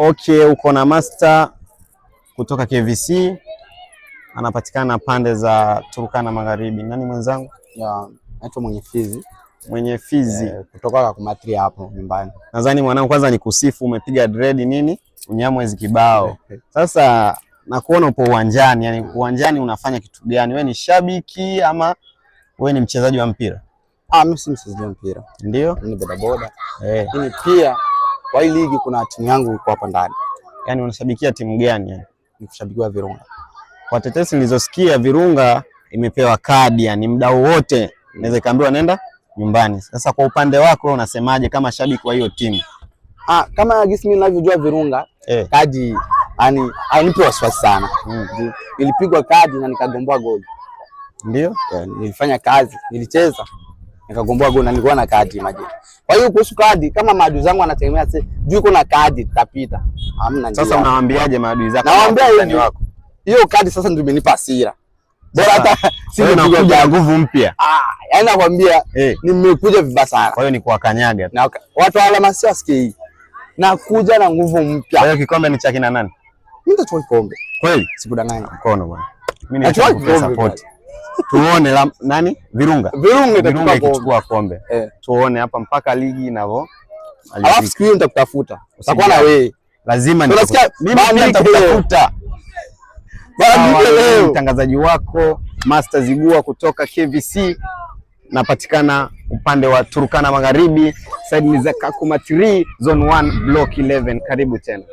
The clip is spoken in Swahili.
Okay, uko na master kutoka KVC anapatikana pande za Turkana Magharibi. Nani mwenzangu? Yeah, naitwa mwenye Fizi. Mwenye Fizi yeah, kutoka kwa kumatri hapo nyumbani. Nadhani mwanangu, kwanza nikusifu, umepiga dread nini unyamwezi kibao. Sasa nakuona upo uwanjani, yani uwanjani unafanya kitu gani? Wewe ni shabiki ama wewe ni mchezaji wa mpira? Ah, mimi si mchezaji wa mpira, ndio mimi ni bodaboda, eh. lakini pia kwa hii ligi kuna timu yangu iko hapa ndani. Yaani unashabikia timu gani? Nikushabikia Virunga. Kwa tetesi nilizosikia Virunga imepewa kadi, yani muda wote naweza kaambiwa nenda nyumbani. Sasa kwa upande wako unasemaje kama shabiki wa hiyo timu? Ah, kama gisi mimi ninavyojua Virunga eh, kadi yani anipe wasiwasi sana. Mm. Nilipigwa kadi na nikagomboa goli. Ndio? Yeah, nilifanya kazi, nilicheza nikagomboa goli na nilikuwa na kadi maji. Kwa hiyo kuhusu kadi, kama maadui zangu wanategemea sasa juu iko na kadi tutapita. Hamna njia. Sasa unawaambiaje maadui zako? Nawaambia hivi wako. Hiyo kadi sasa ndio imenipa hasira. Bora hata si tunakuja nguvu mpya. Ah, yaani nakwambia hey, eh. nimekuja vibaya sana. Kwa hiyo ni kuwakanyaga. Na watu wala masio sikii. Nakuja na nguvu mpya. Kwa hiyo kikombe ni cha kina nani? Mimi ndio nitachukua kikombe. Kweli? Sikudanganya. Mkono bwana. Mimi ni support tuone la, nani Virunga, Virunga Virunga ikichukua kombe eh, tuone hapa mpaka ligi inavyo. Alafu siku hiyo nitakutafuta, utakuwa na wewe lazima Unasikia mimi nitakuta mtangazaji wako Master Zigua kutoka KVC, napatikana upande wa Turkana Magharibi, side ni za Kakuma 3 zone 1 block 11. Karibu tena.